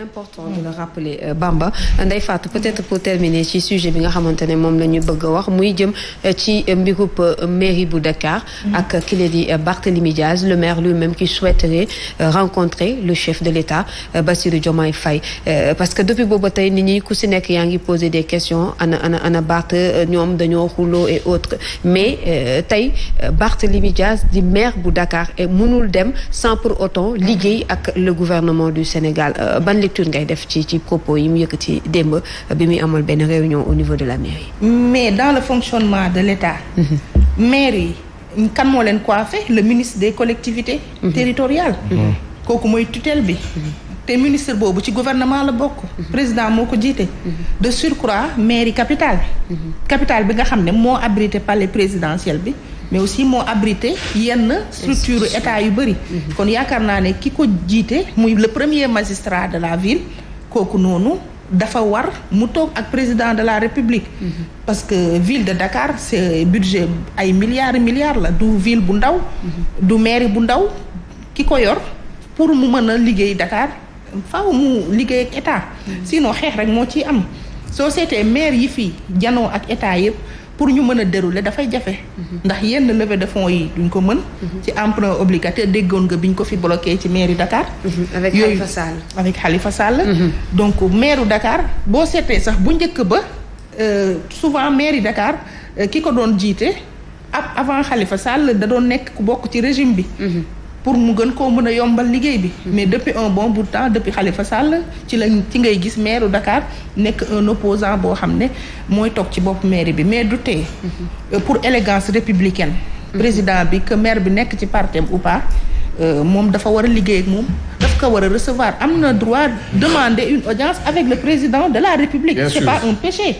important de le rappeler euh, Bamba Ndeye Fatou peut-être pour terminer ci sujet bi nga xamante ne moom la ñu bëgg a wax muy jëm euh, ci euh, mbirub mairie bu Dakar mm-hmm. ak ki di Barthélémy Diaz le maire lui-même qui souhaiterait rencontrer le chef de l'État Bassirou jomay fay parce que depuis booba tey nit ñi ku si nekk yaa ngi poser des questions ana ana ana Barth ñoom dañoo xuloo et autres mais tey Barthélémy Diaz di maire bu Dakar et mënul dem sans pour autant liggéey ak le lecture ngay def ci ci propos yi mu yëkk ci démb euh, bi muy amul benn réunion au niveau de la mairie. mais dans le fonctionnement de l'État. Mhm. mairie yi kan moo leen coiffé le ministre des collectivité mhm. territoriales. Mhm. kooku mooy tutelle bi. te ministre boobu ci gouvernement la bokk. président moo ko jiite. de surcroît mairie capital bi. capitale bi nga xam ne moo abrité palais présidentiel bi. mais aussi moo abrité yenn structure état yu bëri mhm. kon yaakaar naa ne ki ko jiite muy le premier magistrat de la ville kooku noonu dafa war mu toog ak président de la république mhm. parce que ville de Dakar c'est budget ay milliards milliards la du ville bu ndaw mhm. du mairie bu ndaw ki ko yor pour mu mën a liggéey Dakar faaw mu liggéey ak état sinon xeex rek moo ciy am soo seetee maire yi fii janoo ak état yëpp pour ñu mën a dérouler dafay jafe. Mhm. ndax yenn levée de fonds yi duñ ko mën. Mhm. ci emprunt obligataire déggoon nga biñ ko fi bloqué ci mairie Dakar. Mhm. avec Khalifa Sall avec Khalifa Sall. donc maire Dakar boo seetee sax bu njëkk ba euh, souvent mairie Dakar euh, ki ko doon jiite ab avant xalifa Sall da doon nekk ku bokk ci régime bi. pour mu gën koo mën a yombal liggéey bi. Mm-hmm. mais depuis un bon bout de temps depuis Khalifa Sall ci la ci ngay gis maire Dakar nekk un opposant boo xam ne mooy toog ci bopp maire bi mais du tee. Mm-hmm. Euh, pour élégance républicaine. Mm-hmm. président bi que maire bi nekk ci partem ou pas euh, moom dafa war a liggéey ak moom daf ko war a recevoir am na droit demander une audience avec le président de la république. bien sûr c'est pas un péché.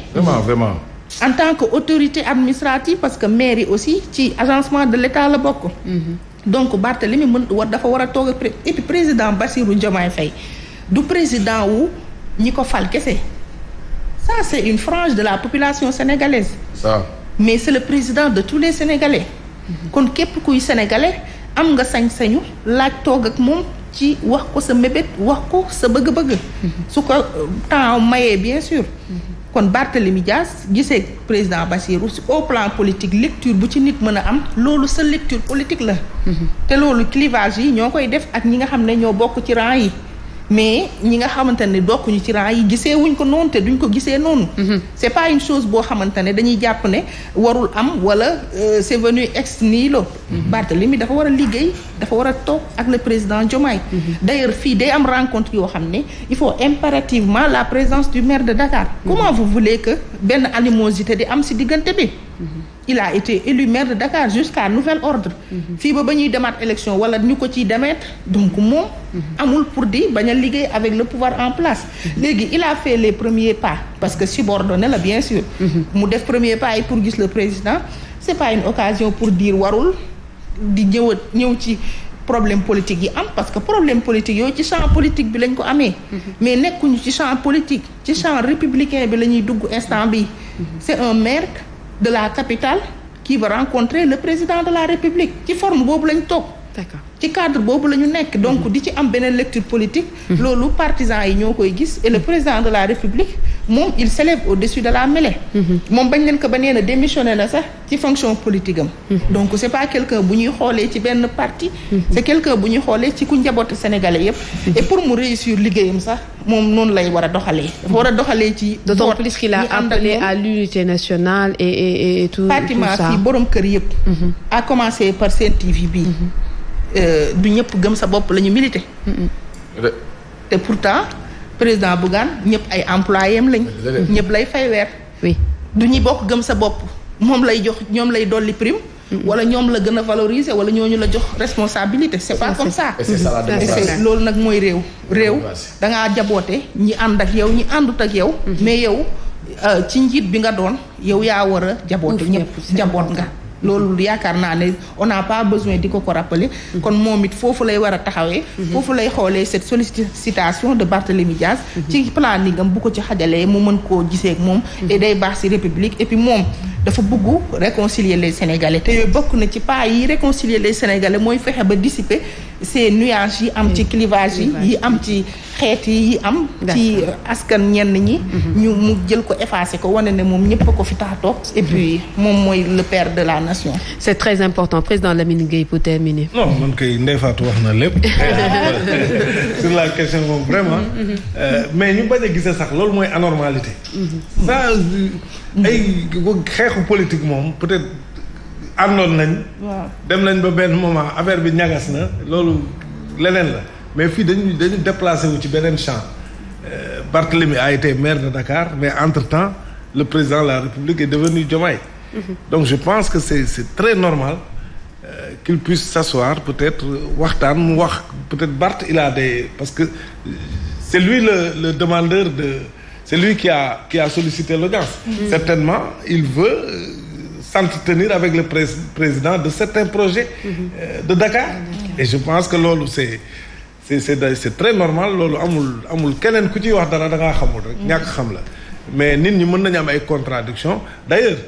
en tant que autorité administrative parce que maire yi aussi ci agencement de l'État la bokk. donc li Barthélemy mën war dafa war a toog ak et puis président Bassirou Diomaye Faye du président wu ñi ko fal kese ça c'est une frange de la population sénégalaise. ça mais c'est le président de tous les sénégalais. Mm-hmm. kon képp kuy sénégalais am nga sañ-sañu laaj toog ak moom. ci wax ko sa mébét wax ko sa bëgg-bëgg mm-hmm. su ko euh, temps mayee bien sûr mm-hmm. kon Barthélemy Dias gisee président Bassirou si au plan politique lecture bu ci nit mën a am loolu sa lecture politique la mm-hmm. te loolu clivage yi ñoo koy def ak ñi nga xam ne ñoo bokk ci rang yi mais ñi nga xamante ne bokkuñu ci rang yi gisee wuñ ko noonu te duñ ko gisee noonu. Mhm. c'est pas une chose boo xamante ne dañuy jàpp ne warul am wala euh, c'est venu ex nihilo. Mhm. Barthélemy dafa war a liggéey dafa war a toog ak le président Diomaye. Mhm. d'ailleurs fii day am rencontre yoo xam ne il faut impérativement la présence du maire de Dakar. comment vous voulez que benn animosité di am si diggante bi. il a été élu maire de Dakar jusqu'à nouvel ordre mhm. fii ba ba ñuy demaat élection wala ñu ko ciy demeet donc moom mhm. amul pour di ba a liggéey avec le pouvoir en place mhm. léegi il a fait les premiers pas parce que subordonné la bien sûr mu def premier pas yi pour gis le président c'est pas une occasion pour dire warul di ñëw ñëw ci problème politique yi am parce que problème politique yooyu ci champ politique bi lañ ko amee mais nekkuñu ci champ politique ci champ républicain bi la dugg instant bi c'est un maire de la capitale qui va rencontrer le président de la République ci forme boobu lañ toog. ci cadre boobu la ñu nekk. donc mhm. di ci am beneen lecture politique. Mhm. loolu partisans yi ñoo koy gis et le mhm. président de la République. moom il s'élève au-dessus de la mêlée. Mm-hmm. moom bañ leen ko ba nee na démissionné na sax ci fonction politique am. Mm-hmm. donc c'est pas quelqu'un bu ñuy xoolee ci benn parti. Mm-hmm. c'est quelqu'un bu ñuy xoolee ci ku njaboot sénégalais yëpp. et pour mu réussir liggéeyam sax moom noonu lay war a doxalee. dafa war a doxalee ci. d'autant plus qu'il a appelé à l'unité nationale et et et tout. Fatima fii borom kër yëpp. à commencer par seen TV bii. Euh, du ñëpp gëm sa bopp la ñu milité. te pourtant. président Bougane ñëpp ay employé am lañ. ñëpp lay fay weer. du ñuy bokk gëm sa bopp moom lay jox ñoom lay dolli prime. Mm-hmm. wala ñoom la gën a valoriser wala ñooñu la jox responsabilité c'est pas comme ça. c'est ça loolu nag mooy réew. réew dangaa jaboote ñi ànd ak yow ñi àndut ak yow. Mm-hmm. mais yow euh, ci njiit bi nga doon yow yaa war a jaboote ñëpp jaboot nga. loolu yaakaar naa ne on n'a pas besoin di ko ko rappeler. Mm-hmm. kon moom it foofu lay war a taxawee. Mm-hmm. foofu lay xoolee cette sollicitation de Barthélémy Diaz. Mm-hmm. ci planning am bu ko ci xajalee mu mën koo gisee moom. et day baax ci république et puis moom dafa buggu réconcilier les sénégalais te yooyu bokk na ci pas yi réconcilier les sénégalais mooy fexe ba dissiper. ces nuages yi am ci clivage yi yi am ci xeet yi am ci askan ñenn ñi mhm. ñu mu jël ko effacé ko wane ne moom ñëpp ko fi tax a toog et moom mooy le père de la nation c'est très important président Lamine Gueye pour terminer non man koy Ndeye Fatou wax na lépp sur la question moom vraiment mhm, mhm. Euh, mais ñu bañ a gisee sax loolu mooy anormalité ça euh, ay xeexu politique moom peut-être àndoon nañ. dem nañ ba benn moment affaire bi ñagas na loolu leneen la mais fii dañu dañu déplacé wu ci beneen champ euh, Barthélemy a été maire de Dakar mais entre temps le président de la République est devenu Diomaye. Mhm. donc je pense que c'est c'est très normal euh, qu'il puisse s'asseoir peut-être waxtaan mu wax peut-être Barth il a des parce que euh, c'est lui le le demandeur de c'est lui qui a qui a sollicité l'audience. Mmh. certainement il veut. Euh, s'entretenir avec le pré président de certains projets mhm. euh, de Dakar et je pense que loolu c'est c'est c'est très normal loolu amul amul keneen ku ciy wax dara da ngaa xamul rek mhm. ñàkk xam la mais nit ñi mën nañu am ay contradiction d'ailleurs